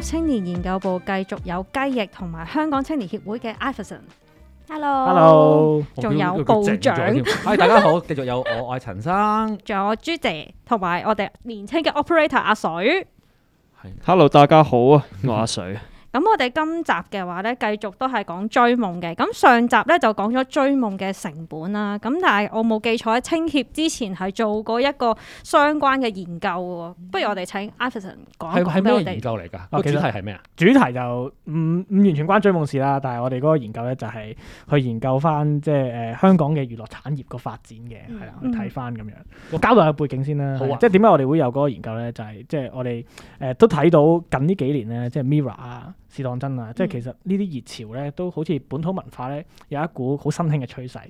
青年研究部繼續有雞翼同埋香港青年協會嘅 Iverson，hello hello，仲有部長，嗨，大家好，繼續有我愛陳生，仲有 Judy 同埋我哋年輕嘅 operator 阿水，hello 大家好啊，我阿水。 咁我哋今集嘅話咧，繼續都係講追夢嘅。咁上集咧就講咗追夢嘅成本啦。咁但係我冇記錯，喺青協之前係做過一個相關嘅研究。不如我哋請 Iverson 講俾我哋。係係咩研究嚟噶？個、哦、主題係咩啊？主題就唔唔完全關追夢事啦。但係我哋嗰個研究咧就係去研究翻即係誒香港嘅娛樂產業個發展嘅。係啦、嗯，睇翻咁樣。嗯、我交代下背景先啦、啊。即係點解我哋會有嗰個研究咧？就係即係我哋誒都睇到近呢幾年咧，即係 Mirror 啊。試當真啊！即係、就是、其實呢啲熱潮咧，都好似本土文化咧有一股好新興嘅趨勢。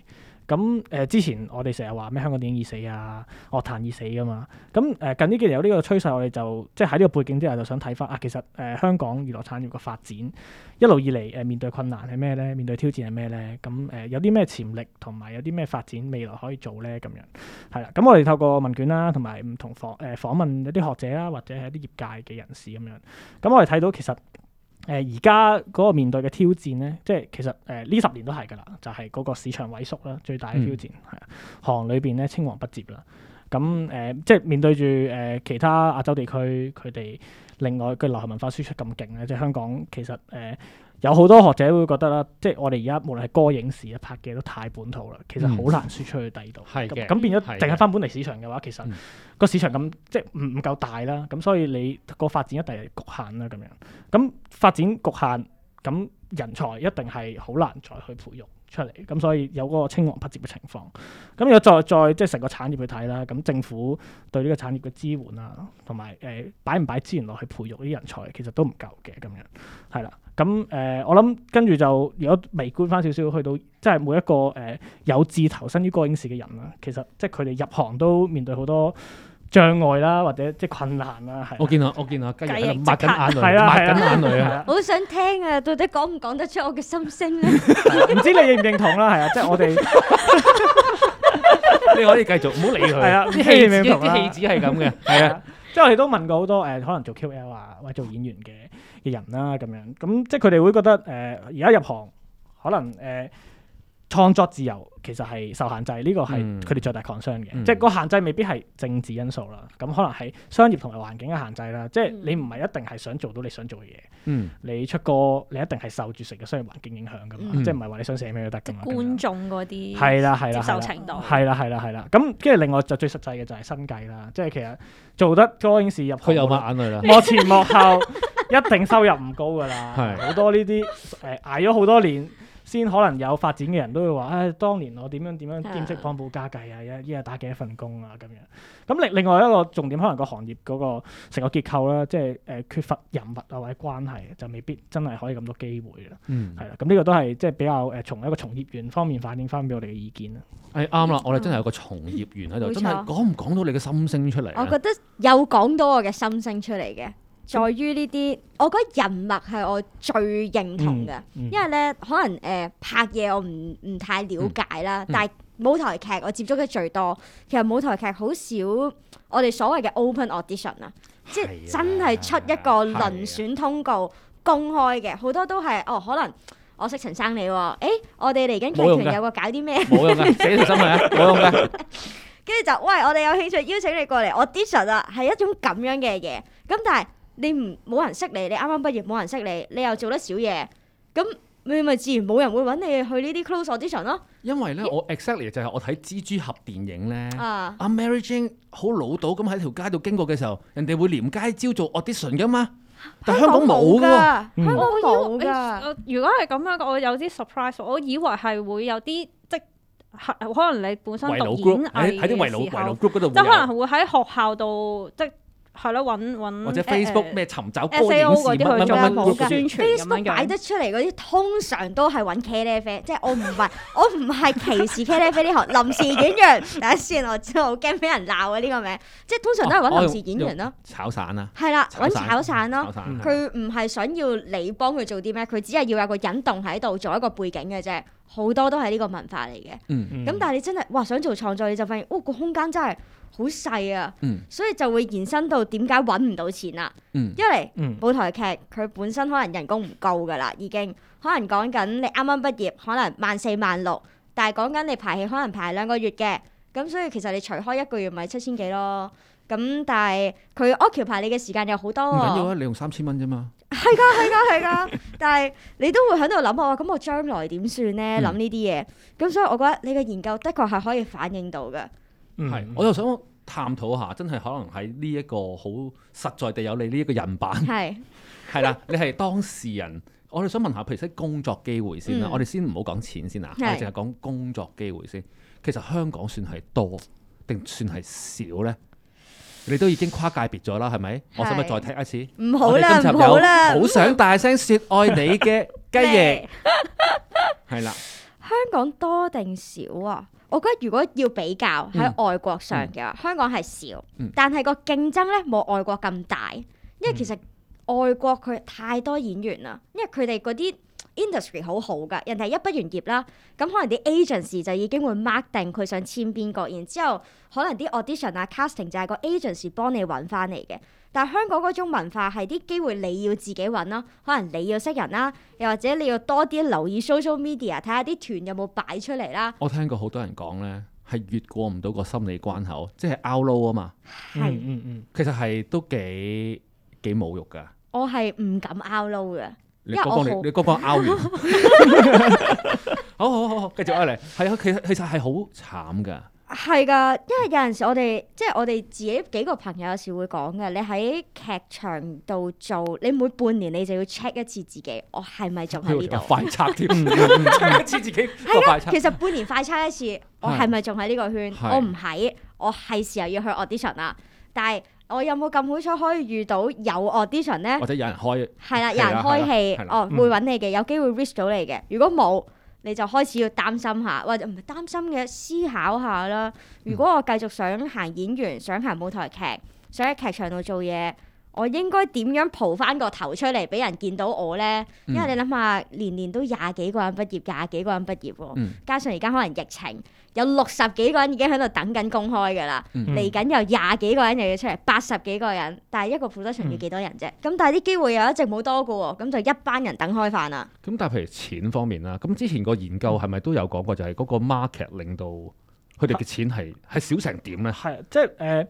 咁、嗯、誒，之前我哋成日話咩香港電影已死啊，樂壇已死噶嘛。咁、嗯、誒近呢幾年有呢個趨勢，我哋就即係喺呢個背景之下，就想睇翻啊，其實誒、呃、香港娛樂產業嘅發展一路以嚟誒面對困難係咩咧？面對挑戰係咩咧？咁、嗯、誒、呃、有啲咩潛力同埋有啲咩發展未來可以做咧？咁樣係啦。咁、嗯嗯、我哋透過問卷啦，同埋唔同訪誒訪問一啲學者啦，或者係一啲業界嘅人士咁樣。咁、嗯嗯、我哋睇到其實。誒而家嗰個面對嘅挑戰咧，即係其實誒呢十年都係㗎啦，就係、是、嗰個市場萎縮啦，最大嘅挑戰係啊，嗯、行裏邊咧青黃不接啦。咁、嗯、誒、呃、即係面對住誒、呃、其他亞洲地區佢哋另外嘅流行文化輸出咁勁咧，即係香港其實誒。呃有好多學者會覺得啦，即係我哋而家無論係歌、影、視啊、拍嘅都太本土啦，其實好難輸出去第二度。係咁、嗯、變咗淨係翻本地市場嘅話，的其實個市場咁的即係唔唔夠大啦，咁所以你個發展一定係局限啦，咁樣。咁發展局限，咁人才一定係好難再去培育。出嚟，咁所以有嗰個青黃不接嘅情況。咁如果再再即係成個產業去睇啦，咁政府對呢個產業嘅支援啊，同埋誒擺唔擺資源落去培育啲人才，其實都唔夠嘅咁樣，係啦。咁誒、呃，我諗跟住就如果微觀翻少少，去到即係每一個誒、呃、有志投身於歌影視嘅人啦，其實即係佢哋入行都面對好多障礙啦，或者即係困難啦，係。我見到，我見到跟住抹緊眼淚，抹緊眼淚啊！我我想聽啊，到底講唔講得出我嘅心聲咧？唔知你認唔認同啦，係啊，即係我哋，你可以繼續唔好理佢。係啊，認唔認同啊？氣質係咁嘅，係啊，即係我哋都問過好多誒，可能做 QL 啊，或者做演員嘅嘅人啦，咁樣咁即係佢哋會覺得誒，而家入行可能誒。創作自由其實係受限制，呢個係佢哋最大 concern 嘅，嗯、即係個限制未必係政治因素啦，咁、嗯、可能係商業同埋環境嘅限制啦。嗯、即係你唔係一定係想做到你想做嘅嘢，嗯、你出歌你一定係受住成個商業環境影響噶嘛，嗯、即係唔係話你想寫咩都得噶嘛。嗯、觀眾嗰啲係啦，係啦，接受程度係啦，係啦，係啦，咁跟住另外就最實際嘅就係生計啦，即係其實做得歌星是入去有眼淚啦，幕 前幕後一定收入唔高噶啦，好 的多呢啲誒捱咗好多年。呃呃呃呃呃呃呃呃.先可能有發展嘅人都會話：唉、哎，當年我點樣點樣兼職幫補家計啊，一一日打幾多份工啊，咁樣。咁另另外一個重點，可能個行業嗰個成個結構啦，即係誒缺乏人物啊或者關係，就未必真係可以咁多機會啦、嗯。嗯，啦、嗯。咁、這、呢個都係即係比較誒從一個從業員方面反映翻俾我哋嘅意見啦。係啱啦，我哋真係有個從業員喺度，真係講唔講到你嘅心聲出嚟、嗯？我覺得有講到我嘅心聲出嚟嘅。在、嗯、於呢啲，我覺得人脈係我最認同嘅，嗯嗯、因為咧可能誒、呃、拍嘢我唔唔太了解啦，嗯、但係舞台劇我接觸得最多，其實舞台劇好少我哋所謂嘅 open audition 啊，即係真係出一個遴選通告公開嘅，好、啊、多都係哦可能我識陳生你喎、欸，我哋嚟緊劇團有個搞啲咩跟住就，喂，我哋有興趣邀請你過嚟 audition 啊，係一種咁樣嘅嘢，咁但係。你唔冇人識你，你啱啱畢業冇人識你，你又做得少嘢，咁你咪自然冇人會揾你去呢啲 close audition 咯。因為咧，Yeah? 我 exactly 就係我睇蜘蛛俠電影咧，阿、uh, Mary Jane 好老到咁喺條街度經過嘅時候，人哋會連街招做 audition 噶嘛。但香港冇噶，香港冇噶。如果係咁樣，我有啲 surprise，我以為係會有啲即係可能你本身讀演藝，喺啲圍爐 group 度，即係可能係會喺學校度即。係咯，揾揾或者 Facebook 咩、哎哎、尋找多年嗰啲去做啦，冇噶。 Facebook 擺得出嚟嗰啲，通常都係揾茄啡即係我唔唔我唔係歧視茄啡呢行臨時演員。 uen, 等下先，我好驚俾人鬧啊！呢、這個名，即係通常都係揾臨時演員咯，炒散啊，係啦、嗯，揾炒散咯，佢唔係想要你幫佢做啲咩，佢只係要有個引動喺度，做一個背景嘅啫。好多都係呢個文化嚟嘅，咁、嗯嗯、但係你真係哇想做創作你就發現，哦，個空間真係好細啊，嗯、所以就會延伸到點解揾唔到錢啦。一嚟舞台劇佢本身可能人工唔夠㗎啦，已經可能講緊你啱啱畢業，可能萬四萬六，但係講緊你排戲可能排兩個月嘅，咁所以其實你除開一個月咪七千幾咯，咁但係佢 occupy 你嘅時間又好多。唔緊要啊！你用三千蚊啫嘛。係噶係噶係噶但係你都會喺度諗啊，咁、 哦、我將來點算咧？諗呢啲嘢，咁、嗯、所以我覺得你嘅研究的確係可以反映到嘅。係，我就想探討下，真係可能喺呢一個好實在地有你呢一個人版。係係啦，你係當事人，我哋想問下，譬如先工作機會先啦，嗯、我哋先唔好講錢先啦，是我哋淨係講工作機會先。其實香港算係多定算係少咧？你都已經跨界別咗啦，係咪？我想咪再聽一次。唔好啦，唔好啦，好想大聲説愛你嘅雞爺。係啦。香港多定少啊？我覺得如果要比較喺外國上嘅話，嗯嗯、香港係少。嗯、但係個競爭咧冇外國咁大，因為其實外國佢太多演員啦，因為佢哋嗰啲。Industry 好好㗎，人哋一畢完業啦，咁可能啲 agents 就已經會 mark 定佢想簽邊個，然之後可能啲 audition 啊 casting 就係個 agents 幫你揾翻嚟嘅。但係香港嗰種文化係啲機會你要自己揾啦，可能你要識人啦，又或者你要多啲留意 social media 睇下啲團有冇擺出嚟啦。我聽過好多人講呢，係越過唔到個心理關口，即係 out low 啊嘛。係，嗯嗯嗯。其實係都幾幾侮辱㗎。我係唔敢 out low 嘅。你個個你你 out 完， 好好好好，繼續啊嚟，係啊，其實其實係好慘㗎，係㗎，因為有陣時我哋即係我哋自己幾個朋友有時會講嘅，你喺劇場度做，你每半年你就要 check 一次自己我是是、哎，我係咪仲喺呢度？快測添，check 一次自己，快 啊，其實半年快測一次， 我係咪仲喺呢個圈？我唔喺，我係時候要去 audition 喇！但係。我有冇咁好彩可以遇到有 audition 呢？或者有人開係啦，有人開戲哦，的會揾你嘅，有機會 reach 到你嘅。如果冇，嗯、你就開始要擔心下，或者唔係擔心嘅，思考下啦。如果我繼續想行演員，想行舞台劇，想喺劇場度做嘢。我應該點樣蒲翻個頭出嚟俾人見到我呢？因為你諗下，年年都廿幾個人畢業，廿幾個人畢業，加上而家可能疫情，有六十幾個人已經喺度等緊公開噶啦，嚟緊有廿幾個人又要出嚟，八十幾個人，但係一個負責場要幾多人啫？咁但係啲機會又一直冇多㗎，咁就一班人等開飯啦。咁但係譬如錢方面啦，咁之前個研究係咪都有講過，就係嗰個 market 令到佢哋嘅錢係係少成點呢？係即係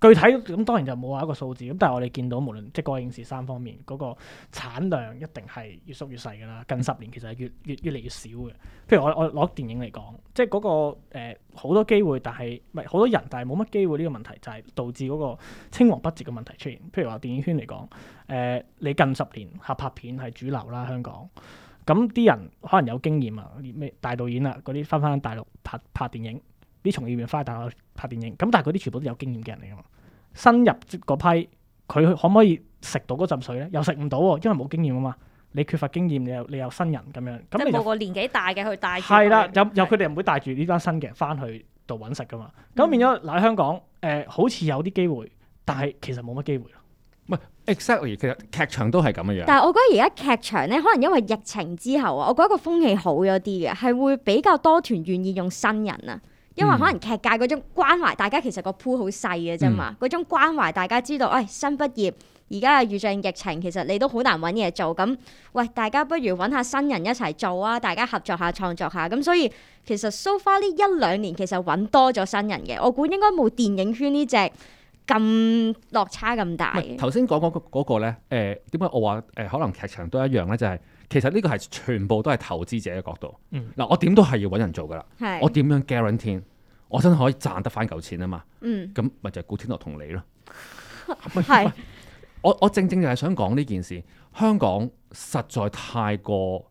具體咁當然就冇話一個數字咁，但係我哋見到無論即係嗰影視三方面嗰個產量，一定係越縮越細㗎啦。近十年其實係越越越嚟越少嘅。譬如我我攞電影嚟講，即係嗰個呃好多機會，但係唔係好多人，但係冇乜機會呢個問題就係導致嗰個青黃不接嘅問題出現。譬如話電影圈嚟講，誒、呃、你近十年合拍片係主流啦，香港咁啲人可能有經驗啊，咩大導演啊嗰啲翻翻大陸拍拍電影，啲從業員翻大陸拍電影，咁但係嗰啲全部都有經驗嘅人嚟㗎嘛。新入嗰批，佢可唔可以食到嗰陣水咧？又食唔到喎，因為冇經驗啊嘛。你缺乏經驗，你又你又新人咁樣，咁你冇個年紀大嘅去帶。係啦的的，有又佢哋唔會帶住呢班新嘅人翻去度揾食噶嘛。咁、嗯、變咗嗱香港，誒、呃、好似有啲機會，但係其實冇乜機會啊。唔係、嗯、，exactly，其實劇場都係咁嘅樣。但係我覺得而家劇場咧，可能因為疫情之後啊，我覺得個風氣好咗啲嘅，係會比較多團願意用新人啊。因為可能劇界嗰種關懷，大家其實個鋪好細嘅啫嘛，嗰、嗯、種關懷大家知道，喂、哎，新畢業而家嘅遇上疫情，其實你都好難揾嘢做。咁喂，大家不如揾下新人一齊做啊！大家合作下創作下。咁所以其實 so far 呢一兩年，其實揾多咗新人嘅。我估應該冇電影圈呢隻咁落差咁大。頭先講嗰嗰個呢，誒、嗰個，呃、點解我話誒、呃、可能劇場都一樣呢？就係、是、其實呢個係全部都係投資者嘅角度。嗱、嗯，我點都係要揾人做噶啦。是我點樣 guarantee？我真係可以賺得翻嚿錢啊，嘛，咁咪、嗯、就係古天樂同你咯。係 我哈哈 嗯、我正正就係想講呢件事，香港實在太過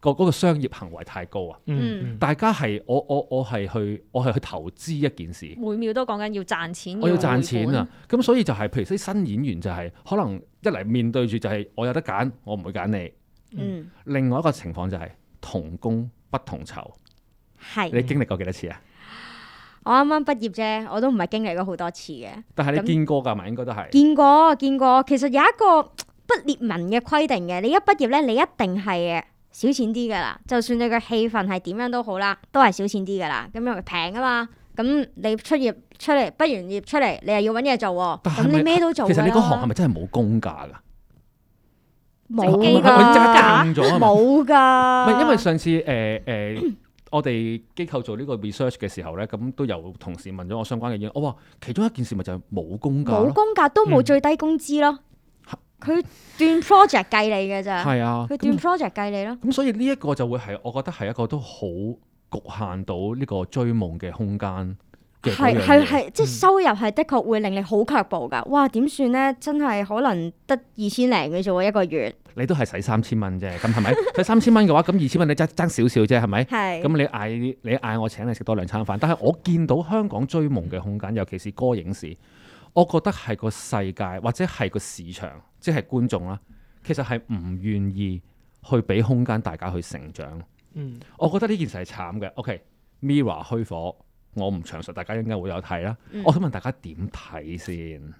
個嗰個商業行為太高啊！嗯、大家係我我我係去我係去投資一件事，每秒都講緊要賺錢，要我要賺錢啊！咁、嗯嗯、所以就係譬如啲新演員就係、是、可能一嚟面對住就係、是、我有得揀，我唔會揀你。嗯，另外一個情況就係同工不同酬，係、嗯、你經歷過幾多次啊？我啱啱畢業啫，我都唔係經歷過好多次嘅。但係你見過噶嘛？那應該都係。見過見過，其實有一個不列文嘅規定嘅。你一畢業咧，你一定係少錢啲噶啦。就算你個氣氛係點樣都好啦，都係少錢啲噶啦。咁因為平啊嘛。咁你出業出嚟，畢完業出嚟，你又要搵嘢做。但係是你咩都做。其實你嗰行係咪真係冇工價噶？冇噶的。揾價咁做冇噶。唔係、啊、 因為上次誒誒。呃呃 我哋機構做呢個 research 嘅時候咧，咁都有同事問咗我相關嘅嘢。我話其中一件事咪就係冇工價，冇工價都冇最低工資咯。佢、嗯、斷 project 計你嘅咋？係啊，佢斷 project 計你咯。咁那所以呢一個就會係我覺得係一個都好局限到呢個追夢嘅空間。係係係，即係收入係的確會令你好卻步噶。嗯、哇，點算呢？真係可能得二千零嘅啫，一個月。你都係使三千蚊啫，咁係咪？使三千蚊嘅話，咁二千蚊你爭爭少少啫，係咪？係。咁你嗌你嗌我請你食多兩餐飯，但係我見到香港追夢嘅空間，尤其是歌影視，我覺得係個世界或者係個市場，即係觀眾啦，其實係唔願意去俾空間大家去成長。嗯。我覺得呢件事係慘嘅。OK，Mirror 虛火。我唔詳述，大家應該會有睇啦。嗯、我想問大家點睇先？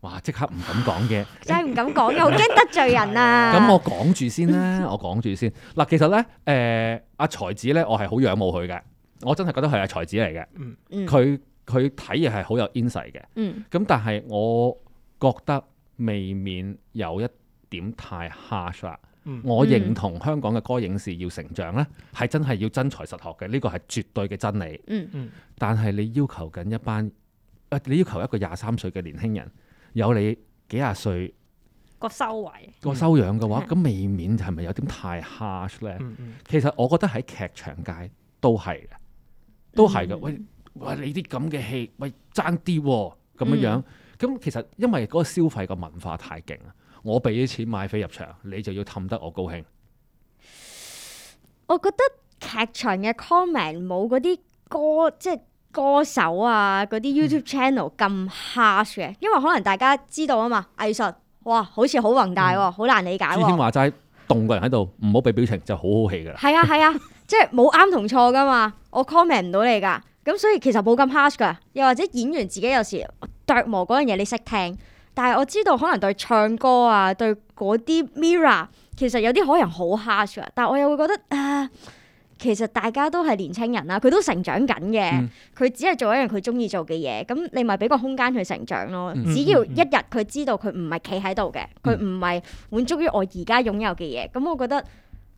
哇！即刻唔敢講嘅，真係唔敢講嘅，好驚得罪人啊！咁我講住先啦，我講住先。嗱，其實咧，誒、呃，阿才子咧，我係好仰慕佢嘅，我真係覺得係阿才子嚟嘅。佢佢睇嘢係好有 insight 嘅。咁、嗯、但係我覺得未免有一點太 harsh。我認同香港嘅歌影視要成長咧，係、嗯、真係要真才實學嘅，呢個係絕對嘅真理。嗯嗯。嗯，但係你要求緊一班，誒、呃，你要求一個廿三歲嘅年輕人有你幾廿歲個修為個修養嘅話，咁、嗯嗯、未免係咪有點太 harsh 咧？嗯嗯、其實我覺得喺劇場界都係，都係嘅。嗯、喂喂，你啲咁嘅戲，喂爭啲咁樣樣，咁、嗯嗯、其實因為嗰個消費個文化太勁啊。我俾啲錢買飛入場，你就要氹得我高興。我覺得劇場嘅 comment 冇嗰啲歌即係歌手啊嗰啲 YouTube channel 咁 harsh 嘅，嗯、因為可能大家知道啊嘛，藝術哇好似好宏大喎、啊，好、嗯、難理解、啊。頭先話齋，戙個人喺度，唔好俾表情就好好戲噶啦。係啊係啊，啊 即係冇啱同錯噶嘛，我 comment 唔到你噶，咁所以其實冇咁 harsh 噶。又或者演員自己有時琢磨嗰樣嘢，你識聽。但係我知道，可能對唱歌啊，對嗰啲 mirror，其實有啲可能好 hard 嘅。但係我又會覺得，啊，其實大家都係年青人啦，佢都成長緊嘅。佢、嗯、只係做一樣佢中意做嘅嘢，咁、嗯、你咪俾個空間佢成長咯。嗯嗯嗯嗯，只要一日佢知道佢唔係企喺度嘅，佢唔係滿足於我而家擁有嘅嘢，咁我覺得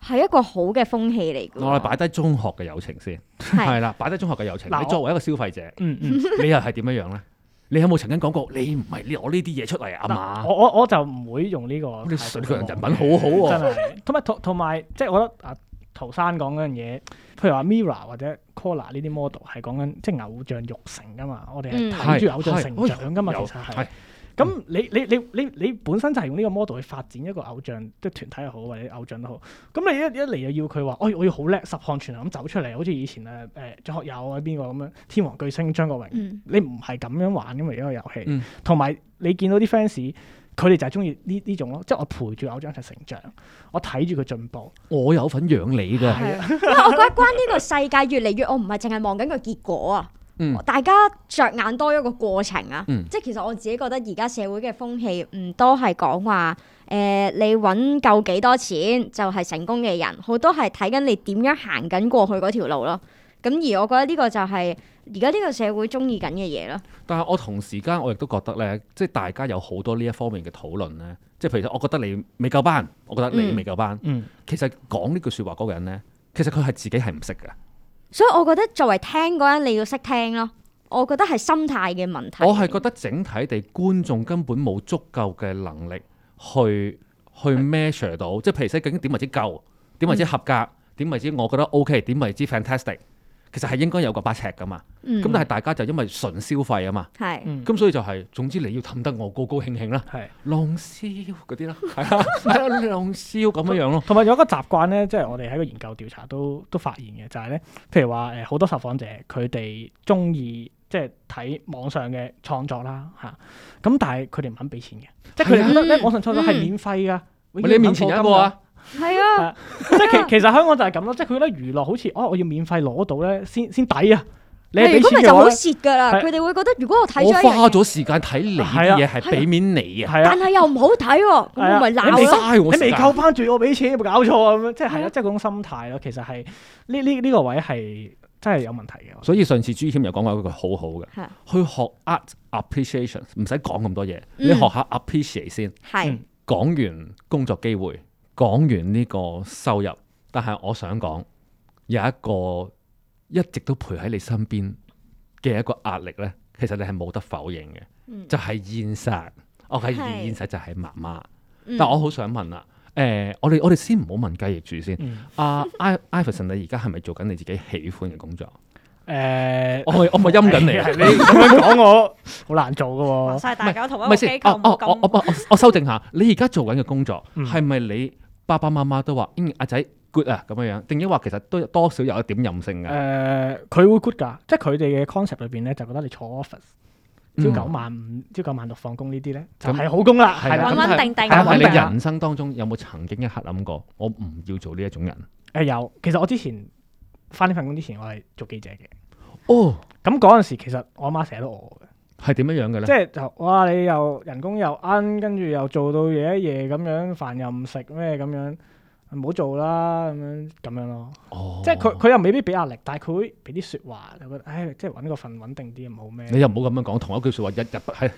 係一個好嘅風氣嚟嘅。我哋擺低中學嘅友情先，係啦，擺低中學嘅友情。 友情我你作為一個消費者，嗯嗯嗯 你又係點樣樣咧？你有冇曾經講過？你唔係你攞呢啲嘢出嚟啊嘛！我我我就唔會用呢個。咁你人品好好喎，真係。同埋同同埋，即係我覺得啊，陶生講嗰樣嘢，譬如話 MIRROR 或者 COLLAR 呢啲 model 係講緊即係偶像育成噶嘛，我哋係睇住偶像成長噶嘛，其實係。咁、嗯、你你你你你本身就係用呢個 model 去發展一個偶像，即係團體又好或者偶像都好。咁你一一嚟又要佢話、哦，我我要好叻，十項全能咁走出嚟，好似以前誒誒張學友啊邊個咁樣天王巨星張國榮，嗯、你唔係咁樣玩嘅嘛，呢個遊戲。同埋、嗯、你見到啲 fans，佢哋就係中意呢呢種咯，嗯、即係我陪住偶像成長，我睇住佢進步，我有份養你㗎。係啊。因為我覺得關呢個世界越嚟越，我唔係淨係望緊個結果啊。嗯、大家着眼多一個過程啊，嗯、即係其實我自己覺得而家社會嘅風氣唔多係講話，誒、呃，你搵夠幾多錢就係成功嘅人，好多係睇緊你點樣行緊過去嗰條路咯。咁而我覺得呢個就係而家呢個社會中意緊嘅嘢咯。但係我同時間我亦都覺得咧，即係大家有好多呢一方面嘅討論咧，即係譬如，我覺得你未夠班，我覺得你未夠班，嗯嗯其其實講呢句說話嗰個人咧，其實佢係自己係唔識嘅。所以我覺得作為聽嗰人你要識聽咯，我覺得係心態嘅問題。我係覺得整體地觀眾根本冇足夠嘅能力去去 measure 到，的即係譬如究竟點為之夠，點為之合格，點為之我覺得 OK，點為之 fantastic。其實係應該有個八尺噶嘛，咁、嗯、但係大家就因為純消費啊嘛，咁、嗯、所以就係、是，總之你要氹得我高高興興啦，浪燒嗰啲咯，係 啊，浪燒咁樣樣咯。同埋有一個習慣咧，即、就、係、是、我哋喺個研究調查都都發現嘅，就係咧，譬如話誒好多受訪者佢哋中意即係睇網上嘅創作啦，吓，咁但係佢哋唔肯俾錢嘅，即係佢哋覺得咧網上創作係免費噶，你面前有一個、啊。係啊，即係其其實香港就係咁咯，即係佢覺得娛樂好似哦，我要免費攞到咧先先抵啊！你如果咪就好蝕噶啦，佢哋會覺得如果我睇，我花咗時間睇你啲嘢係俾面你啊，但係又唔好睇，我咪鬧你，你未扣翻住我俾錢有冇搞錯啊？咁即係係啦，即係嗰種心態咯。其實係呢呢呢個位係真係有問題嘅。所以上次朱謙又講過一個好好嘅，去學 art appreciation，唔使講咁多嘢，你學下 appreciate 先。嗯，係講完工作機會。講完呢個收入，但係我想講有一個一直都陪喺你身邊嘅一個壓力咧，其實你係冇得否認嘅，就係現實，哦係現實就係媽媽。但我好想問啦，誒，我哋我哋先唔好問雞翼住先。阿艾 Iverson，你而家係咪做緊你自己喜歡嘅工作？誒，我我我陰緊你，你咁樣講我好難做噶。晒，大家同一個機構唔咁，我我我我修正下，你而家做緊嘅工作係咪你？爸爸媽媽都話，嗯，阿仔 good 啊，咁樣樣，定抑話其實都多少有一點任性嘅？誒、呃，佢會 good 噶，即係佢哋嘅 concept 裏邊咧，就覺得你坐 office、嗯、朝九晚五，朝九晚六，放工呢啲咧，嗯、就係好工啦，嗯啊、穩穩定定。但係、啊、你人生當中有冇曾經一刻諗過，我唔要做呢一種人？誒、呃、有，其實我之前返呢份工之前，我係做記者嘅。哦，咁嗰陣時其實我媽成日都餓嘅。係點樣樣嘅咧？即係哇！你又人工又啱，跟住又做到夜一夜咁樣，飯又唔食咩咁樣，唔好做啦咁樣咁樣咯。哦，即係佢佢又未必俾壓力，但係佢會俾啲說話，就覺得唉，即係搵個份穩定啲，冇咩。好，你又唔好咁樣講，同一句說話，日日不係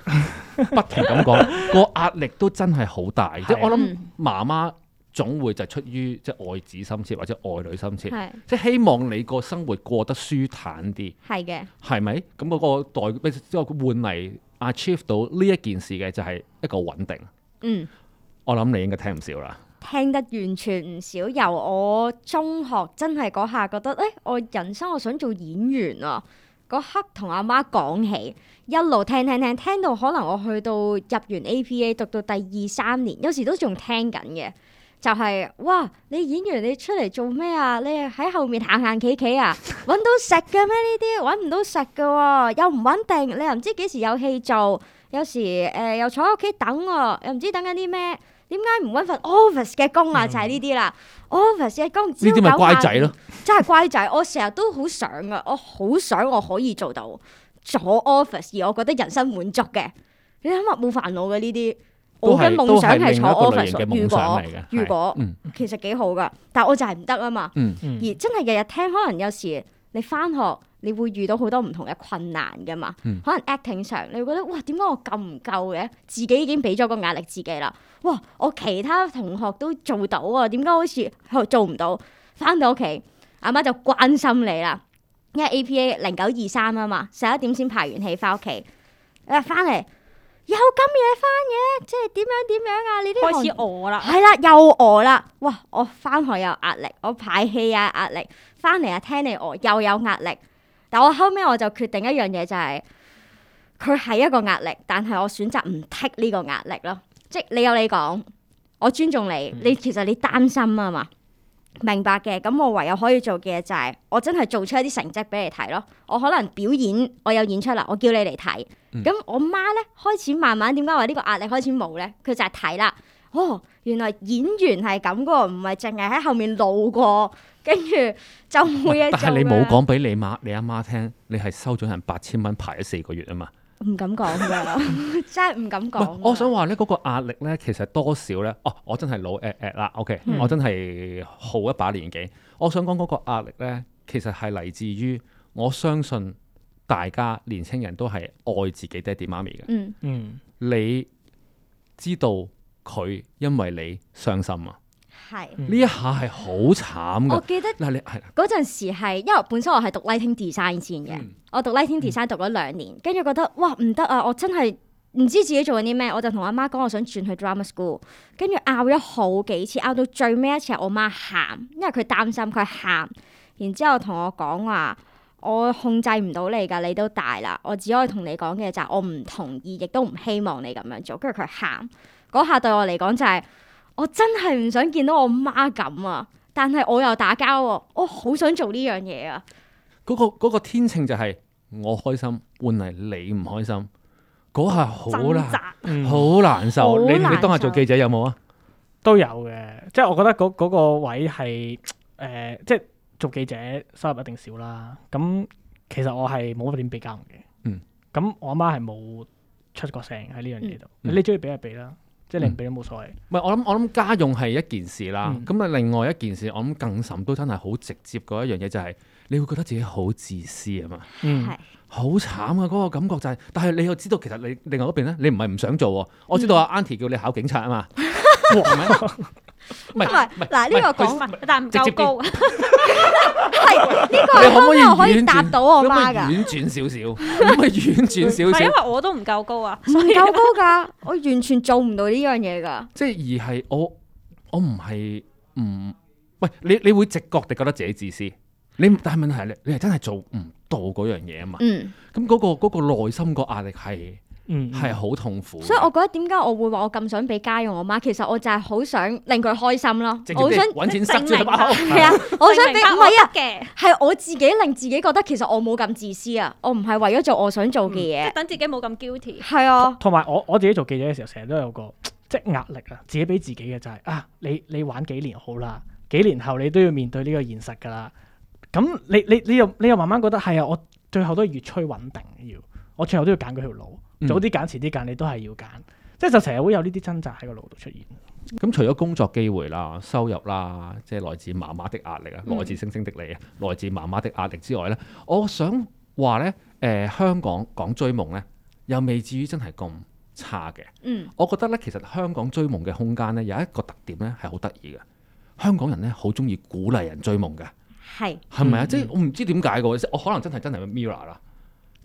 不停咁講，個壓 力都真係好大。 即係我諗媽媽。總會就出於即係愛子心切或者愛女心切，的即係希望你個生活過得舒坦啲，係嘅的，係咪咁嗰個代即係換嚟 achieve 到呢一件事嘅就係一個穩定。嗯，我諗你應該聽唔少啦，聽得完全唔少。由我中學真係嗰下覺得，誒、欸，我人生我想做演員啊。嗰刻同阿媽講起，一路聽聽聽，聽到可能我去到入完 APA 讀到第二三年，有時都仲聽緊嘅。就係、是、哇！你演員你出嚟做咩啊？你喺後面行行企企啊？搵到食嘅咩？呢啲搵唔到食嘅，又唔穩定，你又唔知幾時有戲做。有時誒、呃、又坐喺屋企等、哦，又唔知等緊啲咩？點解唔搵份 office 嘅工啊？就係呢啲啦，office 嘅工。呢啲咪乖仔咯？真係乖仔， 我成日都好想啊！我好想我可以做到坐 office，而我覺得人生滿足嘅。你諗下冇煩惱嘅呢啲。我嘅夢想係坐 office，如果如果、嗯、其實幾好噶，但係我就係唔得啊嘛。嗯、而真係日日聽，可能有時你翻學，你會遇到好多唔同嘅困難噶嘛。嗯、可能 acting 上，你會覺得哇，點解我咁唔夠嘅？自己已經俾咗個壓力自己啦。哇，我其他同學都做到啊，點解好似做唔到？翻到屋企，阿媽就關心你啦，因為 APA 零九二三啊嘛，十一點先排完戲翻屋企。你話翻嚟。有咁夜翻嘅，即係點樣點樣啊？你都開始餓啦，係啦，又餓啦。哇！我翻學有壓力，我排戲啊壓力，翻嚟啊聽你餓，又有壓力。但我後尾我就決定一樣嘢就係，佢係一個壓力，但係我選擇唔剔呢個壓力咯。即係你有你講，我尊重你。嗯、你其實你擔心啊嘛。明白嘅，咁我唯有可以做嘅嘢就係，我真係做出一啲成績俾你睇咯。我可能表演，我有演出啦，我叫你嚟睇。咁、嗯、我媽咧開始慢慢，點解話呢個壓力開始冇咧？佢就係睇啦。哦，原來演員係咁噶，唔係淨係喺後面路過，跟住就冇嘢。但係你冇講俾你媽、你阿媽聽，你係收咗人八千蚊排咗四個月啊嘛。唔敢講 真係唔敢講。唔係，我想話呢嗰個壓力呢，其實多少呢？哦、啊，我真係老誒誒啦，OK，我真係好一把年紀。嗯、我想講嗰個壓力呢，其實係嚟自於我相信大家年輕人都係愛自己爹哋媽咪嘅。嗯嗯，你知道佢因為你傷心啊？係呢是一下係好慘嘅。我記得嗱，你係嗰陣時係，因為本身我係讀 lighting design 先嘅。嗯、我讀 lighting design 讀咗兩年，跟住、嗯、覺得哇唔得啊！我真係唔知自己做緊啲咩，我就同阿媽講我想轉去 drama school。跟住拗咗好幾次，拗到最尾一次，我媽喊，因為佢擔心，佢喊。然之後同我講話，我控制唔到你噶，你都大啦，我只可以同你講嘅就係我唔同意，亦都唔希望你咁樣做。跟住佢喊嗰下對我嚟講就係、是。我真係唔想見到我媽咁啊！但係我又打交、啊，我好想做呢樣嘢啊！嗰、嗰個、嗰個天秤就係我開心換嚟你唔開心，嗰下好難好、嗯、難受。你受你，你當下做記者有冇啊？都有嘅，即、就、係、是、我覺得嗰嗰個位係誒，即、呃、係、就是、做記者收入一定少啦。咁其實我係冇乜點比較嘅。嗯，咁我媽係冇出過聲喺呢樣嘢度。嗯、你中意俾就俾啦。即係你唔畀都冇所謂。唔係我諗，我諗家用係一件事啦。咁啊、嗯，另外一件事，我諗更甚都真係好直接嗰一樣嘢，就係你會覺得自己好自私啊嘛。嗯，係好慘啊！嗰個感覺就係、是，但係你又知道其實你另外嗰邊咧，你唔係唔想做。嗯、我知道阿 Aunty 叫你考警察啊嘛。嗯 唔係唔係，嗱呢個講法，但係唔夠高。係呢個，呢個可以答到我媽噶。婉轉少少，咁咪婉轉少少。係因為我都唔夠高啊，唔夠高噶，我完全做唔到呢樣嘢噶。即係而係我，我唔係唔喂，你你會直覺地覺得自己自私。你但係問題係咧，你係真係做唔到嗰樣嘢啊嘛。嗯。咁嗰個嗰個內心個壓力係。嗯，係好痛苦。所以我覺得點解我會話我咁想俾家用我媽，媽，其實我就係好想令佢開心咯，好想揾錢升 level 啊，我想俾唔一嘅，係我自己令自己覺得其實我冇咁自私啊，我唔係為咗做我想做嘅嘢，嗯就係、等自己冇咁 guilty。係啊，同埋我我自己做記者嘅時候，成日都有個即係壓力啊，自己俾自己嘅就係、係、啊，你你玩幾年好啦，幾年後你都要面對呢個現實噶啦。咁你你你，你又你又慢慢覺得係啊，我最後都係越趨穩定要。我最後都要揀嗰條路，早啲揀，遲啲揀，你都係要揀，即係就成日會有呢啲掙扎喺個腦度出現。咁除咗工作機會啦、收入啦，即係來自媽媽的壓力啊，來自星星的你啊，來自媽媽的壓力之外咧，我想話咧，誒香港講追夢咧，又未至於真係咁差嘅。嗯，我覺得咧，其實香港追夢嘅空間咧有一個特點咧係好得意嘅，香港人咧好中意鼓勵人追夢嘅，係係咪啊？即係我唔知點解嘅，即我可能真係真係 Mirror 啦。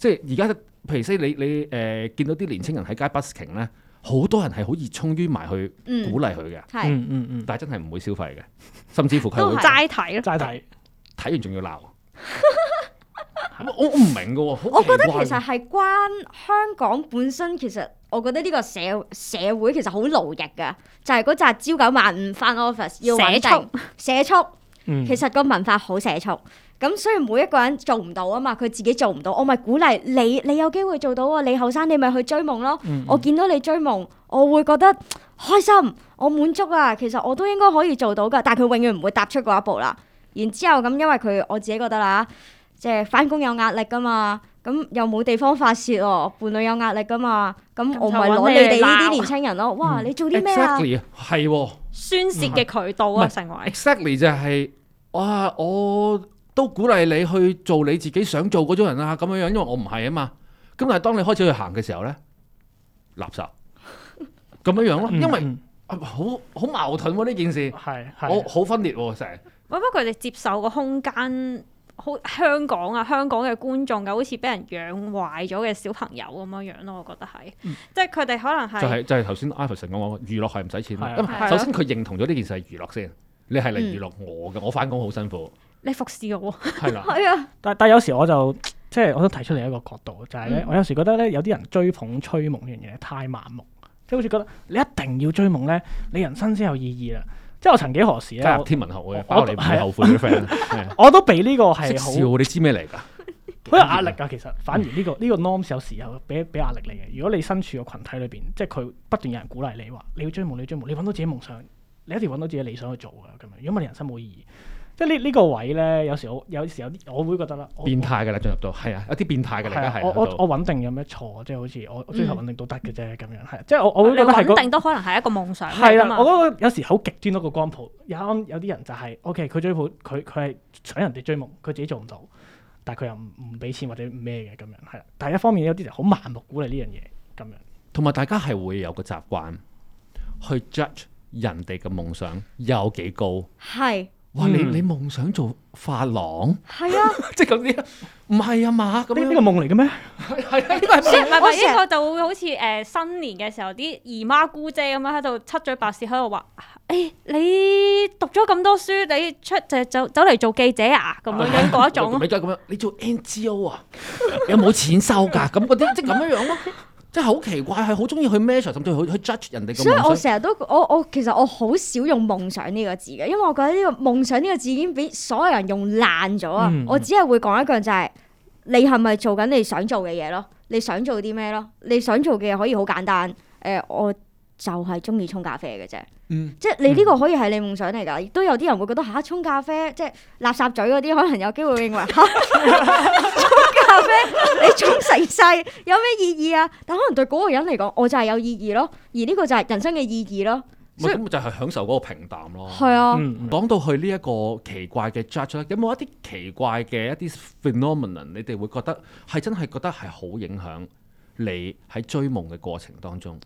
即係而家，譬如你你誒、呃、見到啲年青人喺街 busking 咧，好多人係好熱衷於埋去鼓勵佢嘅，嗯、但係真係唔會消費嘅，甚至乎佢會齋睇咯，齋睇睇完仲要鬧。 我唔明㗎喎，我覺得其實係關香港本身，其實我覺得呢個社社會其實好勞役㗎，就係嗰紮朝九晚五翻 office 要社畜社畜，其實個文化好社畜。咁雖然每一個人做唔到啊嘛，佢自己做唔到，我咪鼓勵你，你有機會做到啊！你後生，你咪去追夢咯。嗯嗯我見到你追夢，我會覺得開心，我滿足啊！其實我都應該可以做到噶，但係佢永遠唔會踏出嗰一步啦。然之後咁，因為佢我自己覺得啦，即係翻工有壓力噶嘛，咁又冇地方發洩哦。伴侶有壓力噶嘛，咁我咪攞你哋呢啲年輕人咯。嗯、哇，你做啲咩啊？係宣洩嘅渠道啊，成、exactly, 為、哦。Exactly 就係、是，哇，我。都鼓勵你去做你自己想做嗰種人啊，咁樣樣，因為我唔係啊嘛。咁但係當你開始去行嘅時候咧，垃圾咁樣樣咯，因為好好矛盾呢、 嗯啊、件事，是是我好分裂成、啊。咁不過佢哋接受個空間，好香港啊，香港嘅觀眾嘅，好似俾人養壞咗嘅小朋友咁樣樣、啊、咯，我覺得係，嗯、即係佢哋可能係就係就係頭先 Iverson 講，娛樂係唔使錢。首先佢認同咗呢件事係娛樂先，你係嚟娛樂我嘅，我翻工好辛苦。嗯你服侍我嗎，係啦，係啊。但但有時我就即係我都提出另一個角度，就係、是、咧，嗯、我有時覺得咧，有啲人追捧追夢呢樣嘢太盲目，即係好似覺得你一定要追夢咧，你人生先有意義啦。即係我曾幾何時咧加入天文學會，包你後悔嘅 friend。啊、 我都俾呢個係好笑，你知咩嚟噶？好 有壓力噶，其實反而呢、這個呢、嗯、個 norm 有時候俾俾壓力你嘅。如果你身處個群體裏邊，即係佢不斷有人鼓勵你話，你要追夢，你要追夢，你搵到自己夢想，你一定要搵到自己理想去做啊。咁樣，如果唔係，你人生冇意義。即係呢呢個位咧，有時我有時我我、啊、有啲、啊啊，我會覺得啦，變態嘅啦，進入到係啊，有啲變態嘅啦，係我我我穩定有咩錯？即係好似我追求穩定都得嘅啫，咁樣係。即係我我穩定都可能係一個夢想。係啦、啊，我覺得有時好極端嗰個光譜。有有啲人就係、是、OK，佢追夢，佢佢係想人哋追夢，佢自己做唔到，但係佢又唔唔俾錢或者咩嘅咁樣係、啊。但係一方面有啲人好盲目鼓勵呢樣嘢咁樣。同埋大家係會有個習慣去 judge 人哋嘅夢想有幾高係。哇！你你夢想做髮廊？係啊，即係咁啲，唔係啊嘛？咁呢個夢嚟嘅咩？係 啊，呢個係。所以咪咪呢個就會好似誒新年嘅時候啲姨媽姑姐咁樣喺度七嘴八舌喺度話，誒、哎、你讀咗咁多書，你出就走走嚟做記者樣啊？咁樣嗰一種。唔係咁樣，你做 NGO 啊？有冇錢收㗎？咁嗰啲即係咁樣咯。 即係好奇怪，係好中意去 measure，甚至去去 judge 人哋嘅。所以我成日都，我我其實我好少用夢想呢、這個字嘅，因為我覺得呢、這個夢想呢、這個字已經俾所有人用爛咗啊！嗯、我只係會講一句就係、是：你係咪做緊你想做嘅嘢咯？你想做啲咩咯？你想做嘅嘢可以好簡單。誒、呃、我就係中意沖咖啡嘅啫，嗯、即係你呢個可以係你夢想嚟噶，亦、嗯、都有啲人會覺得吓沖、啊、咖啡，即係垃圾嘴嗰啲，可能有機會認為沖 咖啡你沖一世，有咩意義啊？但可能對嗰個人嚟講，我就係有意義咯。而呢個就係人生嘅意義咯。咁、嗯、以就係享受嗰個平淡咯。係啊，講、嗯、到去呢一個奇怪嘅 judge 有冇一啲奇怪嘅一啲 phenomenon？你哋會覺得係真係覺得係好影響你喺追夢嘅過程當中。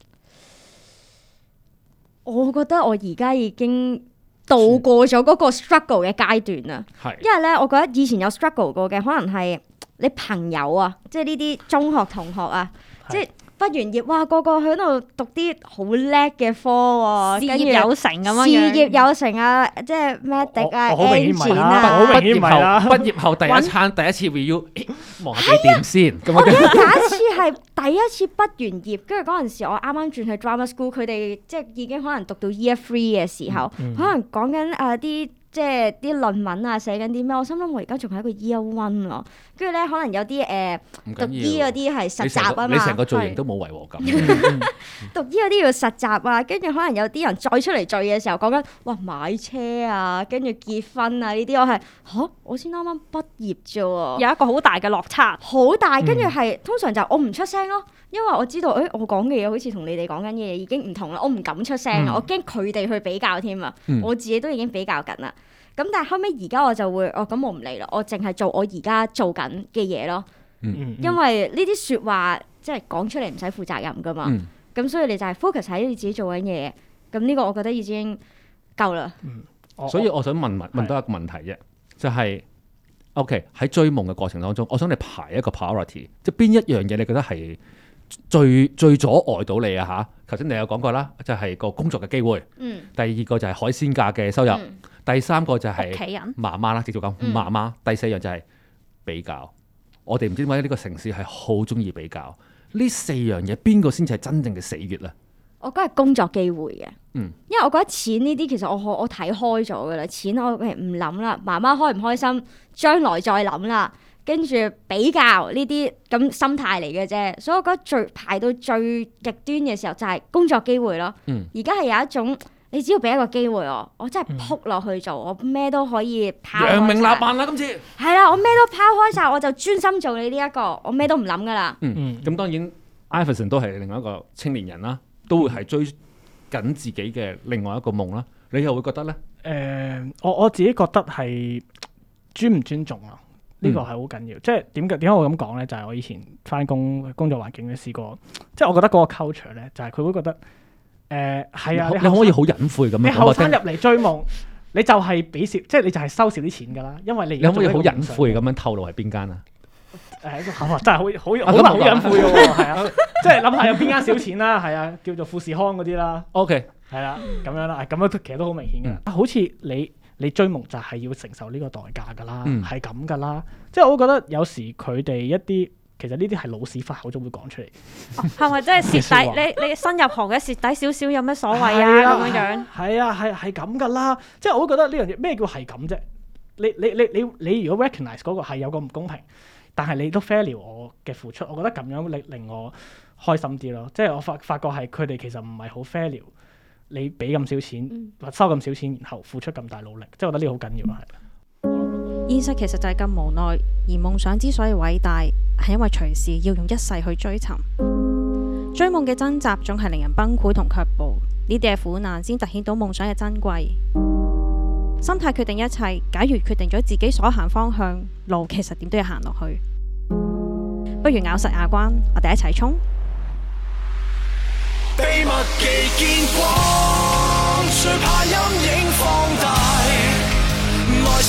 我覺得我而家已經渡過咗嗰個 struggle 嘅階段啦，是因為咧，我覺得以前有 struggle 過嘅，可能係你朋友啊，即係呢啲中學同學啊，是即係。畢完業，哇！個個喺度讀啲好叻嘅科，事業有成咁樣，事業有成啊！即係 medic 啊，engine 啊，畢業後，畢業後第一餐第一次 review，係、哎、先？呀樣我假設係第一次畢完業，跟住嗰陣時我啱啱轉去 Drama School，佢哋即係已經可能讀到 Year Three 嘅時候，嗯嗯、可能講緊啊啲。即係啲論文啊，寫緊啲咩？我心諗我而家仲係一個 year one 喎，跟住咧可能有啲誒讀醫嗰啲係實習啊嘛。你成個造型都冇違和感。 讀醫嗰啲要實習啊，跟住可能有啲人再出嚟聚嘅時候講緊哇買車啊，跟住結婚啊呢啲，我係嚇我先啱啱畢業啫喎，有一個好大嘅落差，好大。跟住係通常就我唔出聲咯，因為我知道誒我講嘅嘢好似同你哋講緊嘢已經唔同啦，我唔敢出聲，嗯、我驚佢哋去比較添啊。我自己都已經比較緊啦。嗯嗯咁但係後尾而家我就會，哦咁我唔嚟啦，我淨係做我而家做緊嘅嘢咯。嗯嗯、因為呢啲說話即係講出嚟唔使負責任噶嘛。咁、嗯、所以你就係 focus 喺你自己做緊嘢。咁呢個我覺得已經夠啦。嗯哦、所以我想問問問多一個問題啫，是就係，O K，喺追夢嘅過程當中，我想你排一個 priority，即係邊一樣嘢你覺得係最最阻礙到你啊吓？頭先你有講過啦，就係、是、個工作嘅機會。嗯、第二個就係海鮮價嘅收入。嗯第三個就係媽媽啦，繼續講媽媽。第四樣就係比較，我哋唔知點解呢個城市係好中意比較。呢四樣嘢邊個先至係真正嘅死穴咧？我覺得係工作機會嘅，嗯，因為我覺得錢呢啲其實我我睇開咗㗎啦，錢我係唔諗啦。媽媽開唔開心，將來再諗啦。跟住比較呢啲咁心態嚟嘅啫，所以我覺得最排到最極端嘅時候就係工作機會咯。嗯，而家係有一種。嗯嗯你只要俾一個機會我，我真係撲落去做，嗯、我咩都可以拋。揚名立萬啦今次。係啦，我咩都拋開晒，嗯、我就專心做你呢、這、一個，我咩都唔諗噶啦。嗯嗯，咁當然 Iverson 都係另外一個青年人啦，都會係追緊自己嘅另外一個夢啦。你又會覺得呢？誒、呃，我我自己覺得係尊唔尊重啊？呢、這個係好緊要，嗯、即係點解點解我咁講呢？就係、是、我以前翻工工作環境嘅試過，即係我覺得嗰個 culture 呢，就係、是、佢會覺得。就是誒，係啊、呃，你可唔可以好隱晦咁樣，你後生入嚟追夢， 你就係俾少，即、就、係、是、你就係收少啲錢噶啦，因為你你可，可以好隱晦咁樣透露係邊間啊？誒，真係好好好好隱晦嘅，係 啊，即係諗下有邊間少錢啦、啊，係啊，叫做富士康嗰啲啦，OK，係啦、啊，咁樣啦，咁樣其實都、嗯、好明顯嘅，好似你你追夢就係要承受呢個代價噶啦，係咁噶啦，即係我覺得有時佢哋一啲。其實呢啲係老屎忽口，都會講出嚟。係咪真係蝕底？ 你你新入行嘅，蝕底少少，有咩所謂啊？咁樣樣。係啊，係係咁噶啦。即係我都覺得呢樣嘢，咩叫係咁啫？你你你你你如果 recognize 嗰個係有個唔公平，但係你都 failure 我嘅付出，我覺得咁樣令令我開心啲咯。即係我發發覺係佢哋其實唔係好 failure 你俾咁少錢、嗯、收咁少錢，然後付出咁大努力，即係我覺得呢個好緊要咯，係、嗯。現實其實就係咁無奈，而夢想之所以偉大，係因為隨時要用一世去追尋。追夢嘅掙扎總係令人崩潰同卻步，呢啲係苦難先凸顯到夢想嘅珍貴。心態決定一切，假如決定咗自己所行方向，路其實點都要行落去。不如咬實牙關，我哋一齊衝！秘密既見光，最怕陰影放大。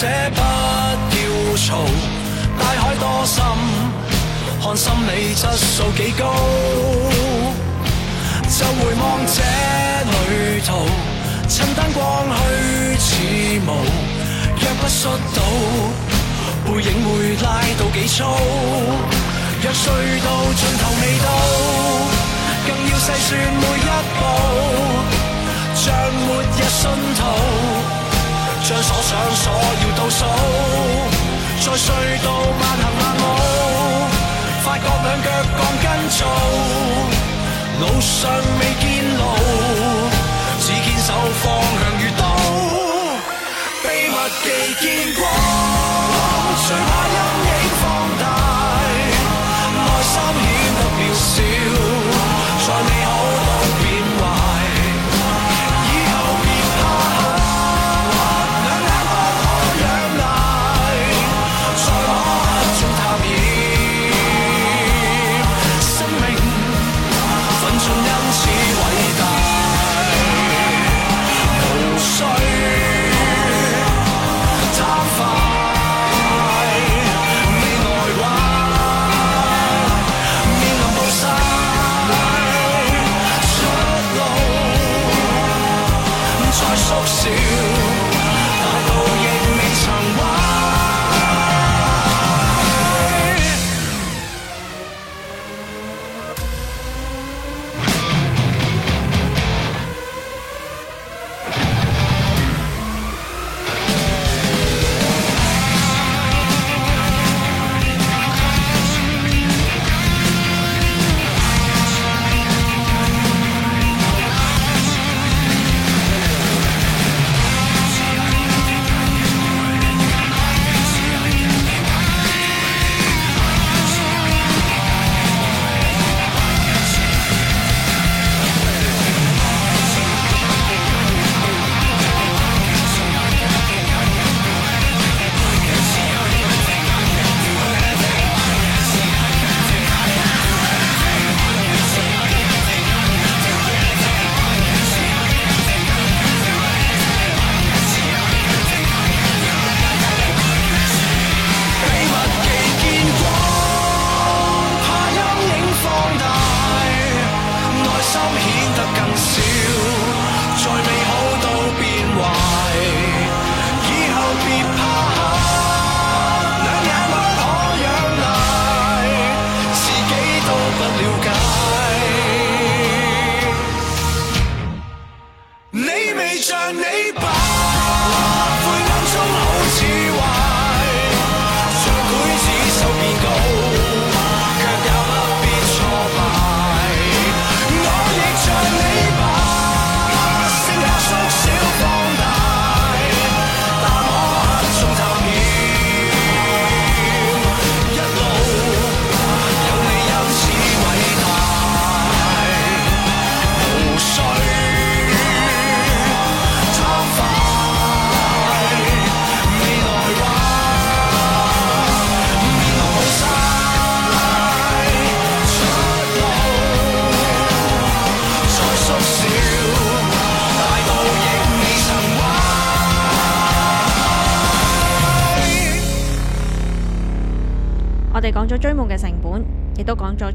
且不要嘈，大海多深，看心理質素幾高。就回望這旅途，趁燈光虛似霧。若不摔倒，背影會拉到幾粗。若隧道盡頭未到，更要細算每一步，像末日信徒。將所想所要倒數，在隧道漫行漫步，發覺兩腳鋼筋造，路上未見路，只堅守方向如刀，秘密地見光。最怕陰影放大，內心顯得渺小。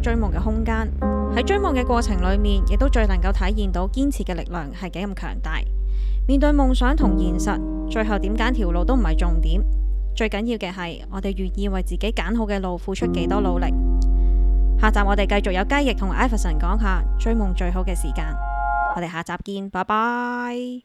追夢嘅空間喺追夢嘅過程裏面，亦都最能夠體現到堅持嘅力量係幾咁強大。面對夢想同現實，最後點揀條路都唔係重點，最緊要嘅係我哋願意為自己揀好嘅路付出幾多努力。下集我哋繼續有雞翼同 Iverson 講下追夢最好嘅時間。我哋下集見，拜拜。